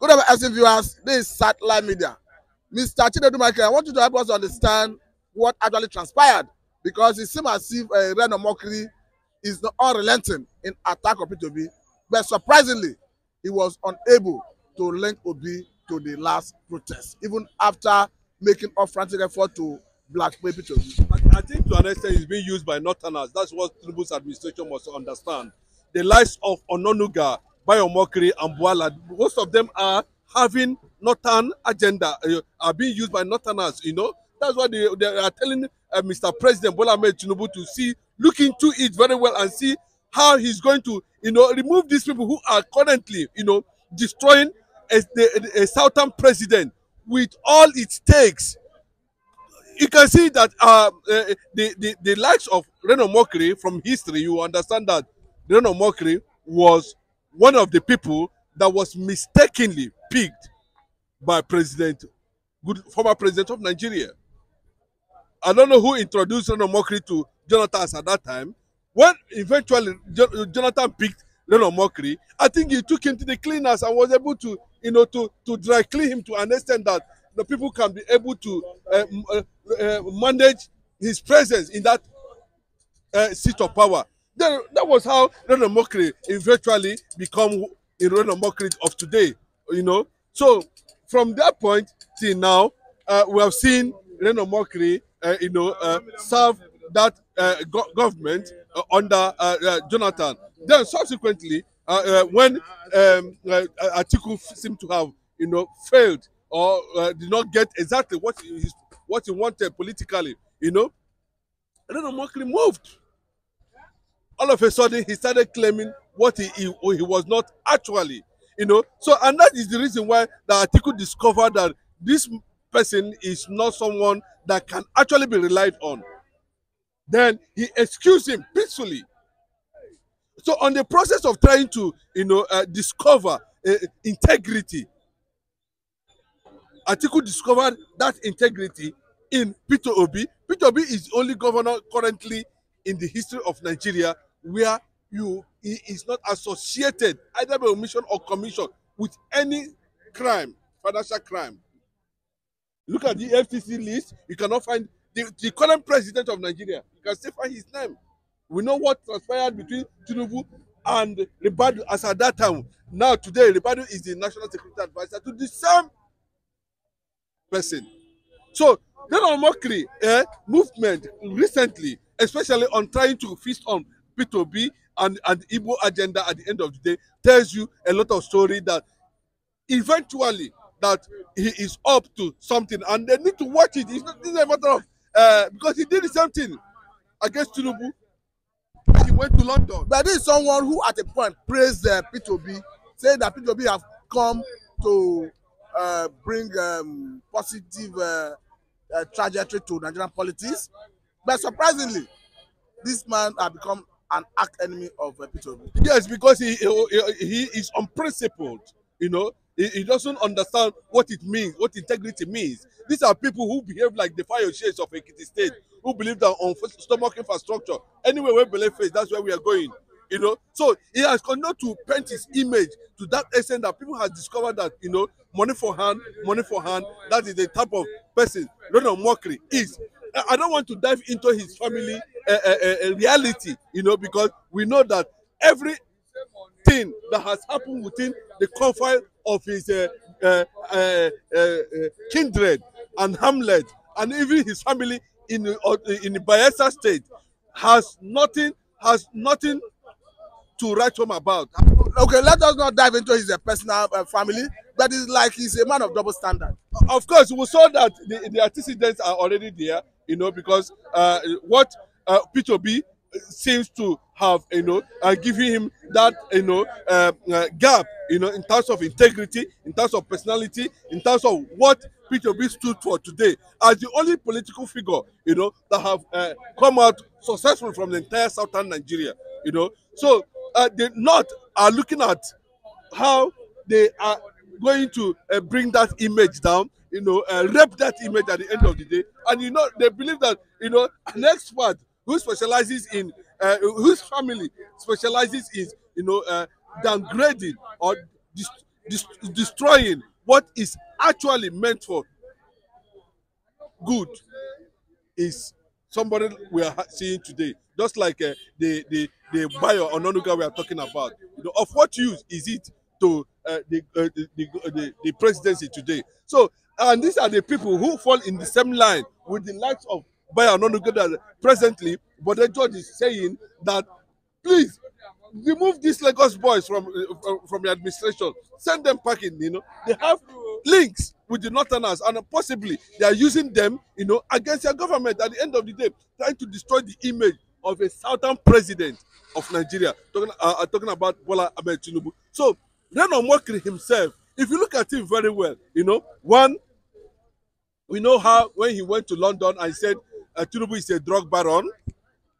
Good evening, SC viewers. This is Satellite Media. Mr. Chinedu Michael, I want you to help us understand what actually transpired because it seems as if uh, eh, Reno Mokri is not unrelenting in attack of P2B, but surprisingly, he was unable to link Obi to the last protest, even after making a frantic effort to blackmail P2B. I, I think to an extent it's being used by Northerners. That's what Tinubu's administration must understand. The lies of Ononuga Biomockery, and Buala. Most of them are having northern agenda, uh, are being used by northerners, you know. That's why they, they are telling uh, Mr. President Bola Ahmed Tinubu to see, look into it very well and see how he's going to, you know, remove these people who are currently, you know, destroying a, a, a southern president with all it takes. You can see that uh, uh, the, the, the likes of Reno Mokri from history, you understand that Reno Mokri was one of the people that was mistakenly picked by President, good, former President of Nigeria. I don't know who introduced Renan Mokri to Jonathan at that time. When eventually Jonathan picked Renan Mokri, I think he took him to the cleaners and was able to, you know, to, to dry clean him to understand that the people can be able to uh, uh, uh, manage his presence in that uh, seat of power. That, that was how Ronald Mokri eventually become a Ronald Mokri of today, you know. So from that point till now, uh, we have seen Ronald Mokri, uh, you know, uh, serve that uh, go government uh, under uh, Jonathan. Then subsequently, when um, Atiku seemed to have, you know, failed or did not get exactly what he, what he wanted politically, you know, Ronald Mokri moved all of a sudden he started claiming what he, he, oh, he was not actually, you know. So, and that is the reason why the article discovered that this person is not someone that can actually be relied on. Then he excused him peacefully. So, on the process of trying to, you know, uh, discover uh, integrity, Atiku discovered that integrity in Peter Obi. Peter Obi is only governor currently in the history of Nigeria where you he is not associated either by omission or commission with any crime financial crime look at the FCC list you cannot find the the current president of Nigeria you can still find his name we know what transpired between Tinubu and Ribadu as at that time now today Ribadu is the national security adviser to the same person so there are mockery eh, movement recently especially on trying to feast on P2B, and, and the Igbo agenda at the end of the day tells you a lot of story that eventually that he is up to something and they need to watch it. It's not a matter of uh, because he did the same thing against Tinubu. He went to London. But this is someone who at a point praised uh, P2B, saying that P2B have come to uh, bring um, positive uh, uh, trajectory to Nigerian politics. But surprisingly, this man has become an arch enemy of uh, Peter Obi? Yes, because he, he, he is unprincipled, you know. He, he, doesn't understand what it means, what integrity means. These are people who behave like the fire shades of Ekiti State, who believe that on stomach infrastructure, anywhere we believe that's where we are going. You know, so he has continued to paint his image to that extent that people have discovered that you know, money for hand, money for hand. That is the type of person Ronald Mockery is. I don't want to dive into his family uh, uh, uh, reality, you know, because we know that every thing that has happened within the confines of his eh, eh, eh, kindred and Hamlet and even his family in in the Bayelsa state has nothing has nothing to write home about. Okay, let us not dive into his personal family, but it's like he's a man of double standard. Of course, we saw that the, the antecedents are already there you know, because uh, what uh, b seems to have, you know, uh, him that, you know, uh, uh, gap, you know, in terms of integrity, in terms of personality, in terms of what Peter B stood for today as the only political figure, you know, that have uh, come out successful from the entire southern Nigeria, you know. So uh, the North are looking at how they are going to uh, bring that image down you know, uh, rep that image at the end of the day. And you know, they believe that, you know, an expert who specializes in, uh, whose family specializes in, you know, uh, downgrading or destroying what is actually meant for good is somebody we are seeing today. Just like uh, the the the bio or non we are talking about. You know, of what use is it to uh, the, uh, the, the, uh, the, the presidency today. So, and these are the people who fall in the same line with the likes of Bayer Nonugada presently. But the judge is saying that, please, remove these Lagos boys from, from uh, uh, from the administration. Send them packing. You know they have links with the Northerners, and possibly they are using them. You know against their government. At the end of the day, trying to destroy the image of a southern president of Nigeria. Talking, uh, talking about Bola Ahmed Tinubu. So Renan Mokri himself, if you look at him very well, you know, one, we know how when he went to London and said uh, Tinubu is a drug baron.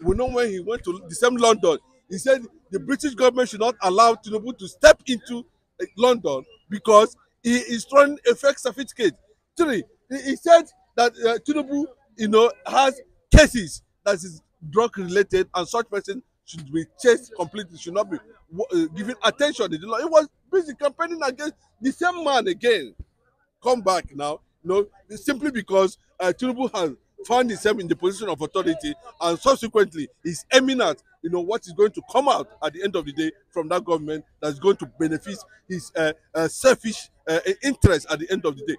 We know when he went to the same London, he said the British government should not allow Tinubu to step into uh, London because he is throwing a fake certificate. Three, he, he said that uh, Tinubu, you know, has cases that is drug related and such person should be chased completely, should not be uh, given attention. It was busy campaigning against the same man again. Come back now, you know, simply because uh, Tinubu has found himself in the position of authority and subsequently is eminent, you know, what is going to come out at the end of the day from that government that's going to benefit his uh, uh, selfish uh, interest at the end of the day.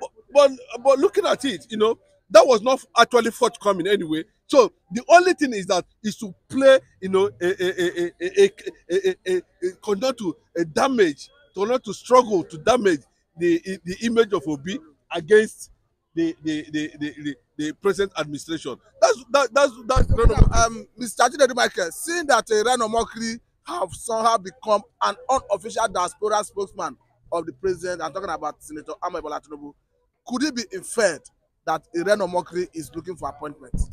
But, but, but looking at it, you know, that was not actually forthcoming anyway. So the only thing is that is to play, you know, a a a a a a, a, a, a not to a damage, to not to struggle to damage the the image of Obi against the the the the, the, the present administration. That's that that's that's yeah, um Mr. Ajidedu Michael, seeing that uh, Reno Mokri have somehow become an unofficial diaspora spokesman of the president, I'm talking about Senator Amebola Tinubu, could it be inferred that Ireno Mokri is looking for appointments?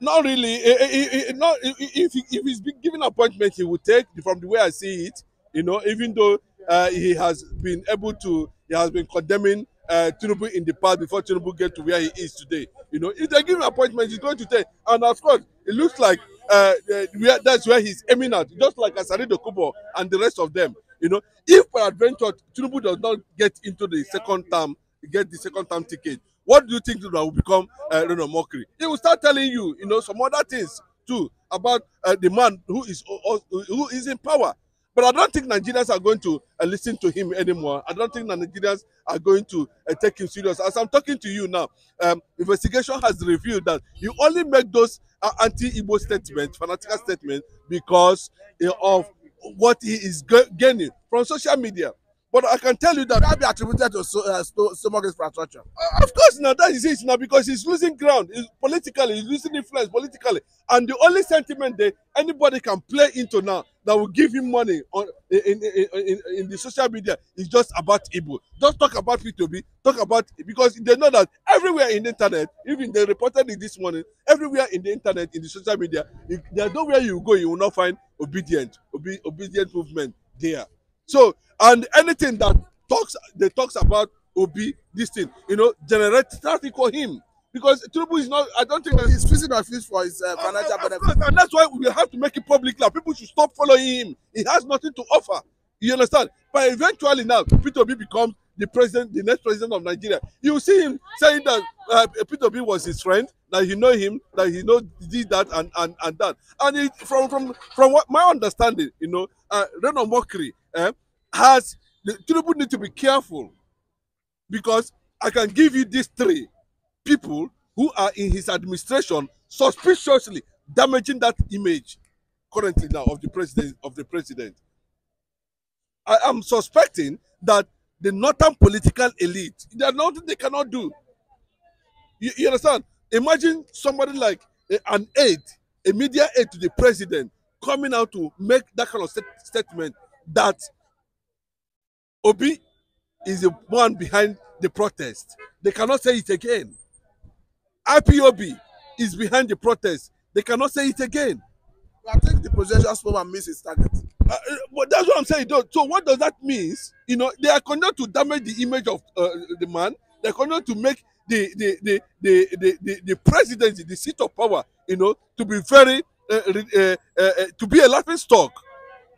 Not really. Eh, eh, eh, if, if he's been given appointment, he would take, from the way I see it, you know, even though uh, he has been able to, he has been condemning uh, Tinubu in the past before Tinubu get to where he is today. You know, if they give appointment, he's going to take. And of course, it looks like uh, where, that's where he's aiming at, just like Asari Dokubo and the rest of them. You know, if by adventure Tinubu does not get into the second term, get the second time ticket, what do you think that will become uh, know, Mockery? He will start telling you, you know, some other things too about uh, the man who is uh, uh, who is in power. But I don't think Nigerians are going to uh, listen to him anymore. I don't think Nigerians are going to uh, take him serious. As I'm talking to you now, um, investigation has revealed that you only make those uh, anti-Igbo statements, fanatical statements, because uh, of what he is gaining from social media. But I can tell you that that be attributed to so, uh, stomach infrastructure. Uh, of course, now that is it now because he's losing ground he's politically, he's losing influence politically, and the only sentiment that anybody can play into now that will give him money on in in, in, in the social media is just about Igbo. Just talk about P2B, talk about because they know that everywhere in the internet, even they reported it this morning, everywhere in the internet, in the social media, if there's nowhere you go, you will not find obedient, obe, obedient movement there. So and anything that talks they talks about Obi this thing, you know, generate traffic for him. Because Tinubu is not, I don't think that he's feasting on fish for his uh, financial benefit. And that's why we have to make it public now. People should stop following him. He has nothing to offer. You understand? But eventually now, Peter Obi becomes the president, the next president of Nigeria. You see him saying that uh, Peter Obi was his friend, that he know him, that he know did that and and and that. And it, from from from what my understanding, you know, uh, Renan Mokri, eh, has the people need to be careful because I can give you these three people who are in his administration suspiciously damaging that image currently now of the president of the president. I am suspecting that the northern political elite, there's nothing they cannot do. You, you understand? Imagine somebody like a, an aide, a media aide to the president, coming out to make that kind of st statement that Obi is the one behind the protest. They cannot say it again. IPOB is behind the protest. They cannot say it again. I think the possession sperm and miss its target. Uh, uh, but that's what I'm saying. Though. So what does that mean? You know, they are condemned to damage the image of uh, the man. They're condemned to make the the the the the, the, the presidency, the seat of power, you know, to be very uh, uh, uh, uh, to be a laughing stock.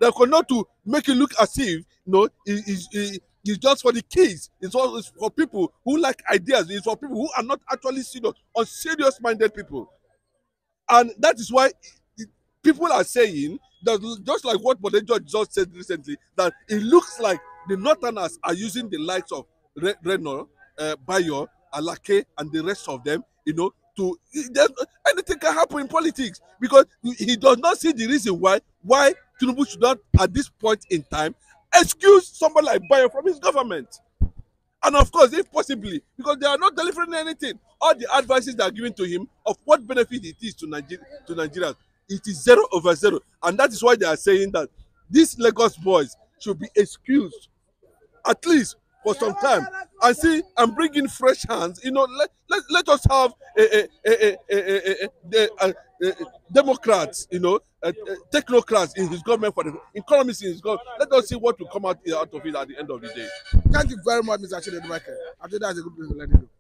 That could not to make it look as if you know it, it's just for the kids. It's all it's for people who like ideas. It's for people who are not actually serious or serious-minded people, and that is why people are saying that just like what Bode George just said recently, that it looks like the Northerners are using the likes of Re- Renault, uh, Bayo, Alake, and the rest of them, you know, to anything can happen in politics because he does not see the reason why why Tinubu should not, at this point in time, excuse somebody like Bayo from his government. And of course, if possibly, because they are not delivering anything, all the advices they are given to him of what benefit it is to, Niger- to it is zero over zero. And that is why they are saying that these Lagos boys should be excused, at least for some time. I see, I'm bringing fresh hands. You know, let, let, let us have a, a, a, a, a, a, a, a, a, a, Democrats, you know, uh, uh, technocrats in his government, for the economists in his government. Let us see what will come out, uh, out of it at the end of the day. Thank you very much, Mr. Chidemike. I think that's a good place to let you go.